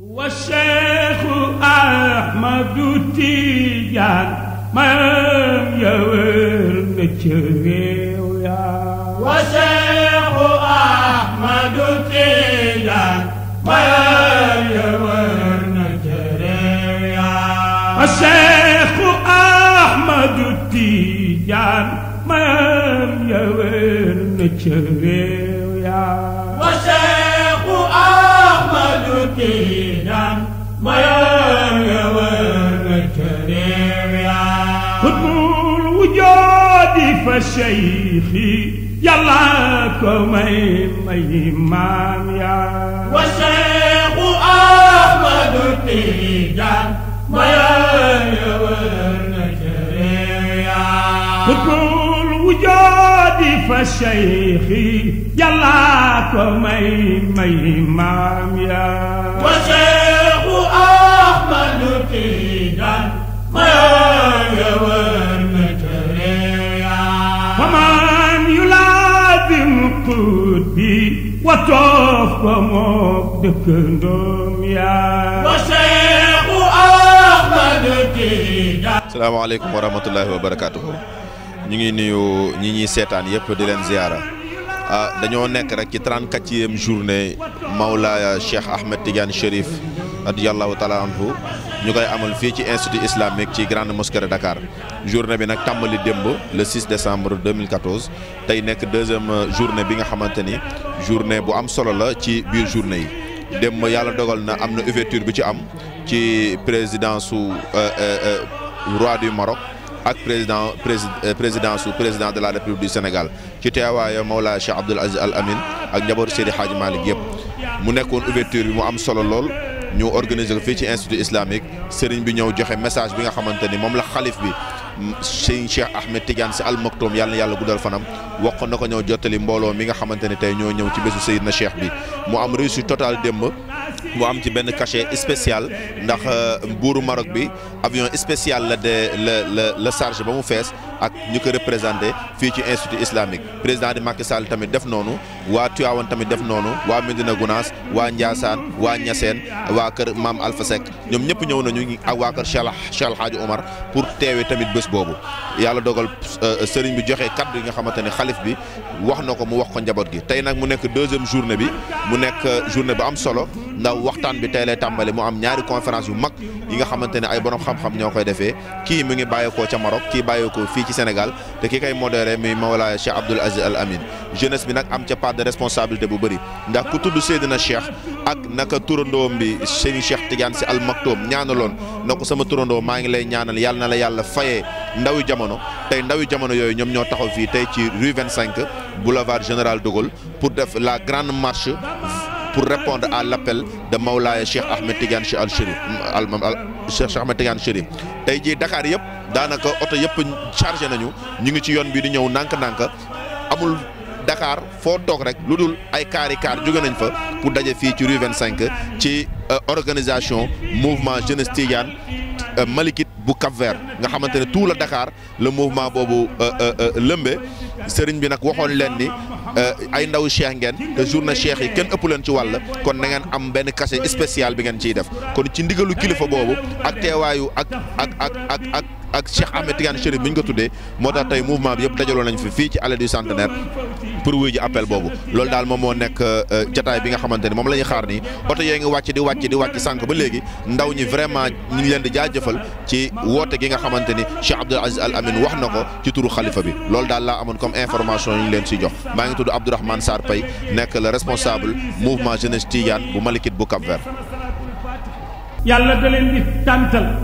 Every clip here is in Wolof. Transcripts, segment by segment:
wa Cheikhu Ahmadu Tijaan maam ya wër na ca réew wa Cheikhu Ahmadu Tijaan maam ya wër na na ca réew شيخي يلا كومي مي مام يا والشيخ أحمد التيجان ما يا كل وجودي فشيخي يلا كومي مي مام يا والشيخ ba mook dëkkandoom yaa wa Seexu Tijaan asalaamaaleykum wa rahmatullahi wa barakaatuhu ñu ngi nuyu ñi ñuy seetaan yëpp di leen ziyaara ah dañoo nekk rek ci 34e journée Mawlaaya Cheikh Ahmed Tidiane Chérif radiyallahu taala anhu ñu koy amal fii ci institut islamique ci grande mosquée de Dakar journée bi nag tàmbali démb le 6 décembre 2014 tey nekk deuxième journée bi nga xamante ni journée bu am solo la ci biir journée yi démb yàlla dogal na am na ouverture bi ci am ci président su euh, euh, euh, roi du Maroc ak président président su président de la République du Sénégal ci teewaayu Mawla Cheikh Abdoul Aziz Al Amin ak njabootu Seydi Hadji Malick yëpp mu nekkoon ouverture bi mu am solo lool. ñu organiser ko fii ci institut islamique sëriñ bi ñëw joxe message bi nga xamante ni moom la xalif bi Sëriñ Cheikh Ahmed Tidiane si almaktoom yàlla na yàlla guddal fanam wax na ko ñëw jottali mbooloo mi nga xamante ne tey ñoo ñëw ci bésu na Cheikh bi mu am réussite totale démb mu am ci benn cachet spécial ndax euh, buuru Maroc bi avion spécial la de la la la ba mu fees ak ñu ko représenté fii ci institut islamique président di Macky Sall tamit def noonu waa Tivaouane tamit def noonu waa Medina Gounass waa Ndiassane waa Niassène waa kër Maam Alpha Seck ñoom ñëpp ñëw nañu ak waa kër Cheikh Al Hadji Omar pour teewee tamit bés boobu yàlla dogal euh, sëriñ bi joxe kaddu yi nga xamante ne xalif bi wax na ko mu wax ko njaboot gi tey nag mu nekk deuxième journée bi mu nekk euh, journée bu am solo ndax waxtaan bi tey lay tàmbali mu am ñaari conférence yu mag yi nga xamante ne ay borom xam ñoo koy defee kii mi ngi bàyyeekoo ca Maroc kii bàyyeekoo fii ci Sénégal te ki koy modéré muy Mawla Cheikh Abdoul Aziz Al Amin jeunesse bi nag am ca part de responsabilité bu bëri ndax ku tudd Seydina Cheikh ak naka turandoom bi Serigne Cheikh Tidiane Sy Al ñaanaloon na ko sama turandoo maa ngi lay ñaanal yàlla na la yàlla fayee ndawi jamono tey ndawi jamono yooyu ñoom ñoo taxaw fii tey ci rue 25 boulevard Général de pour def la grande marche pour répondre à l'appel de Mawlaaya Cheikh Ahmed Tidiane Cheikh Al Chérif Cheikh Ahmed Tidiane tey jii dakaar yëpp daanaka oto yëpp chargé nañu ñu ngi ci yoon bi di ñëw nànk-nànk amul dakaar foo toog rek lu dul ay kaari kaar jóge nañ fa pour daje fii ci rue 25 ci euh, organisation mouvement jeunesse Tidiane. Euh, Malikit bu Cap nga xamante ne tout le Dakar le mouvement boobu euh, euh, lëmbe sëriñ bi nag waxoon leen ni ay ndaw cheikh ngeen te journée cheikh yi kenn ëpp leen ci wàll kon na ngeen am benn cachet spécial bi ngeen ciy def kon ci ndigalu kilifa boobu ak teewaayu ak ak ak ak ak. ak Cheikh Ahmed Tidiane Chérif bi ñu ko tuddee moo tax tey mouvement bi yëpp dajaloo nañ fi fii ci allée du centenaire pour wuyu ji appel boobu loolu daal moom moo nekk euh, jataay bi nga xamante ni moom la ñuy xaar nii oto yooyu ngi wàcc di wàcc di wàcc sànq ba léegi ndaw ñi vraiment ñu leen di jëfal ci woote gi nga xamante ni Cheikh Abdoul Aziz Al Amin wax na ko ci turu xalifa bi loolu daal laa amoon comme information yi ñu leen si jox maa ngi tudd Abdourahmane Sarr Paye nekk le responsable mouvement jeunesse Tidiane bu Malikit bu Cap Vert yàlla da leen di tàntal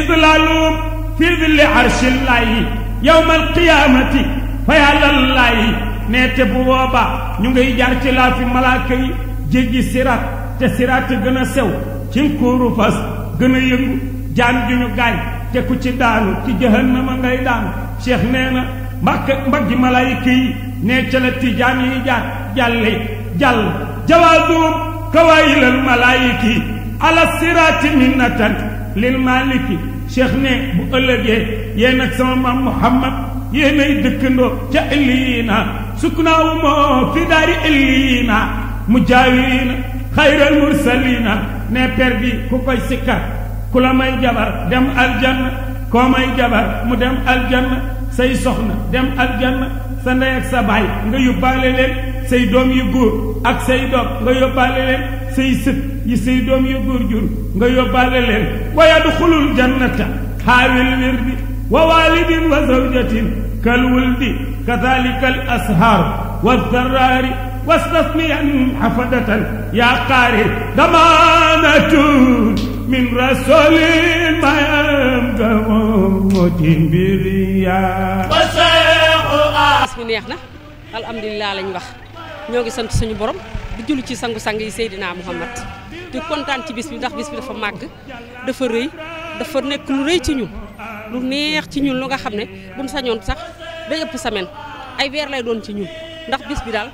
idlaalum fi dilli arshillaahi yowmal qiyaamati fa yàllallaahi nee te bu booba ñu ngay jaar ci laa malaaka yi jéggi siraat te siraat gën a sew ci nkuuru fas gën a yëngu jaan ju ñu gaañ te ku ci daanu ci jahannama ngay daanu cheikh nee na mbàkk mbaggi malaayika yi nee ca la tijaan yi jaar jàlle jàll jawaazum kawaayilal malaayiki ala siraati minnatan lil maliki cheikh ne bu ëllëgee yéen ak sama maam Muhammad yéenay dëkkandoo ca ëlliina sukkunaawu moo fi daari ëlliina mu jaawiina xayral mursalina ne per bi ku koy sikkar ku la may jabar dem aljanna koo may jabar mu dem aljanna say soxna dem aljanna sa ndey ak sa baay nga yóbbaale leen say doom yu góor ak say doom nga yóbbaale leen say sët yi say doom yu góor jur nga yóbbaale leen wa yadxulul jannata xaawil wirdi wa walidin wa zawjatin kal wuldi kadalika al ashaar wa daraari wastasniyan xafadatan yaa qaari damaanatun min rasulin mayam gamotin biriya bi neex na alhamdulilah lañ wax ñoo ngi sant suñu borom di julli ci sangu-sang yi Seydina Muhammad di kontaan ci bis bi ndax bis bi dafa màgg dafa rëy dafa nekk lu rëy ci ñun lu neex ci ñun lu nga xam ne buñ sañoon sax day ëpp semaine ay weer lay doon ci ñun ndax bis bi daal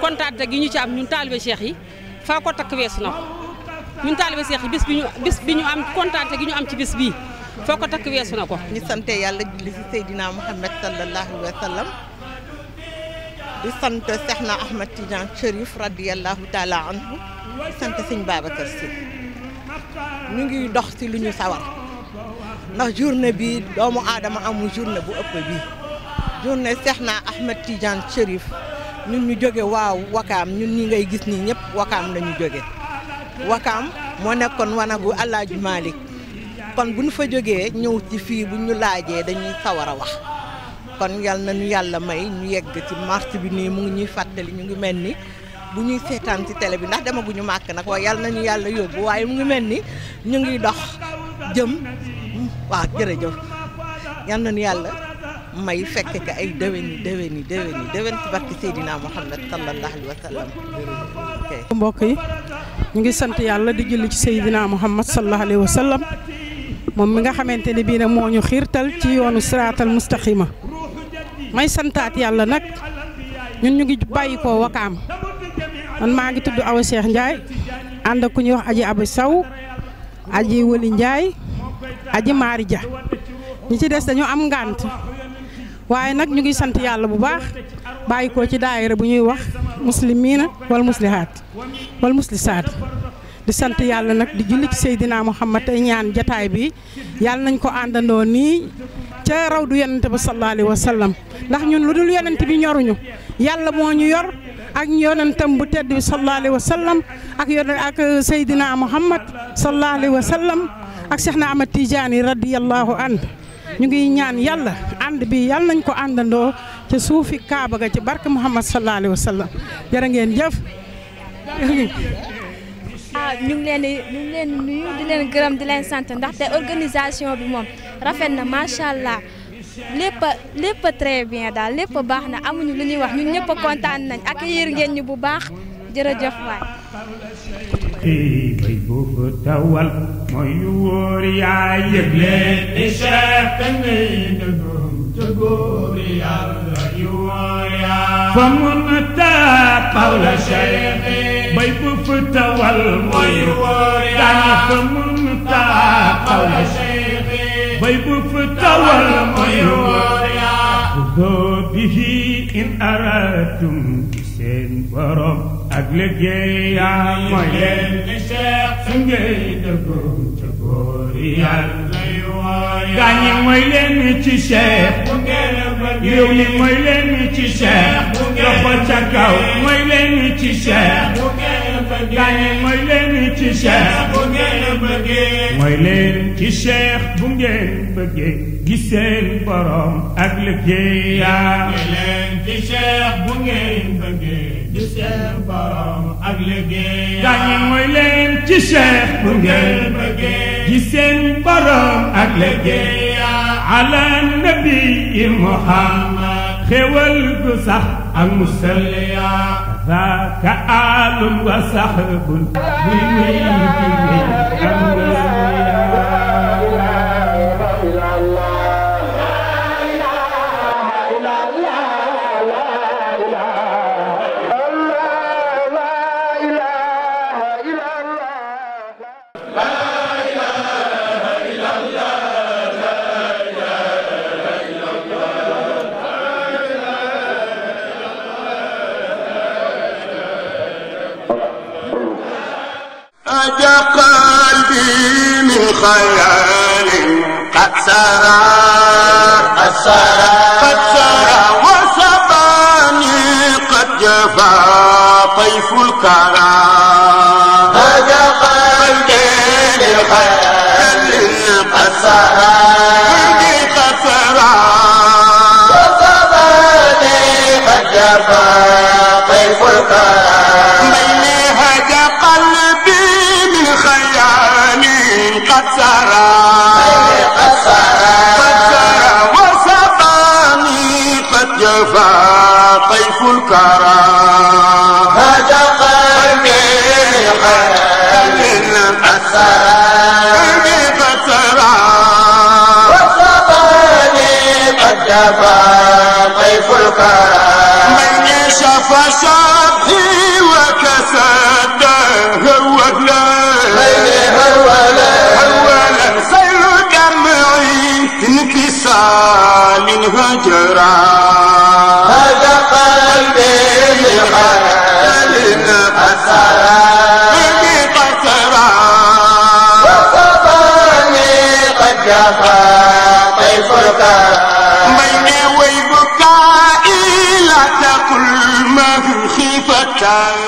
kontaan gi ñu ci am ñun taalibe Cheikh yi faa ko takk weesu na ko ñun taalibe Cheikh yi bi ñu bis bi ñu am kontaan gi ñu am ci bis bii foo ko takk weesu na ko. ñu sante yàlla julli ci Seydina Muhammad sallallahu alayhi wa sallam di sant Cheikhna Ahmad Tidiane Chérif radiyallahu taala anhu di sant sëñ Babacar ñu ngi dox ci lu ñu sawar ndax journée bi doomu aadama amul journée bu ëpp bii journée Cheikhna Ahmad Tidiane Chérif ñun ñu jóge waaw wakaam ñun ñu ngay gis nii ñëpp wakaam la ñu jóge wakaam moo nekkoon wanagu Alaaji Malick kon bu ñu fa jógee ñëw ci fii bu ñu laajee dañuy sawar a wax kon yal na ñu yàlla may ñu yegg ci marche bi nii mu ngi ñuy fàttali ñu ngi mel ni bu ñuy seetaan ci télé bi ndax demaguñu màkk nag waaye na nañu yàlla yóbbu waaye mu ngi mel ni ñu ngi dox jëm waaw jërëjëf yal nañu yàlla may fekk ka ay déwén yi déwén yi déwén yi déwén ci barke Seydina Muhammad sallallahu alayhi wa mbokk yi ñu ngi sant yàlla di julli ci Seydina Muhammad sallallahu alayhi wa sallam moom mi nga xamante ne bii nag moo ñu xiirtal ci yoonu siraatal mustaqima may santaat yàlla nag ñun ñu ngi bàyyikoo koo wakaam man maa ngi tudd Awa Cheikh Ndiaye ànd ku ñuy wax aji Abi Saw aji Wali Ndiaye aji Maari Dia ñi ci des dañoo am ngànt waaye nag ñu ngi sant yàlla bu baax bàyyi koo ci daayare bu ñuy wax muslimiina wal muslihaat wal muslisaat di sant yàlla nag di julli ci Seydina Muhammad tey ñaan jataay bi yàlla nañ ko àndandoo nii ca raw du yonent ba sallallahu alayhi ndax ñun lu dul yonent bi ñoruñu yàlla moo ñu yor ak yonentam bu tedd bi sallallahu alayhi ak yon ak Seydina Muhammad sallallahu alayhi sallam ak Cheikh na Ahmad Tidiane radiyallahu an ñu ngi ñaan yàlla ànd bi yàlla nañ ko àndandoo ca suufi Kaaba ga ci barke Muhammad sallallahu alayhi wa sallam jërë jëf. ah ñu leen di ñu ngi leen di leen gërëm di leen sant ndaxte organisation bi moom. rafet na macha allah lépp lépp a daal lépp baax na amuñu lu ñuy wax ñun ñëpp kontaan nañ ak yéer ngeen ñu bu baax jërëjëf waay. bay boobu dawal mooy yu fa mun taa Pawla Cheikh bay mooy yu yaa fa mun taa la bupp tawal mooy woor yaa doo bihi in aratum seen borom ak liggéey yaa mooy leen ni seex su ngeen dëggoom ca góor yàlla yu ci seex bu ngeen bëgg yow li mooy leen ci seex bu ngeen ca kaw mooy leen ci seex bu ngeen bëgg gaañi ci seex bëggee mooy leen ci cheikh bu ngeen bëggee seen borom ak liggéey yaa mooy leen ci cheikh bu ngeen bëggee seen borom ak liggéey yaa mooy leen ci cheikh bu ngeen bëggee seen borom ak liggéey yaa nabi muhammad xéwal gu sax ak musal ذاك آل وصحب ويويك أمرا وجق قلبي من خيال قد سرى قد سرى قد سرى وسباني قد جفا طيف الكرى شفا طيف الكرى من شفى شفي وكسده هو أولا خير دمعي انكسال هجرا هذا قلبي لخلل قسرا قسرا وصفاني قد جفا طيف الكرى ta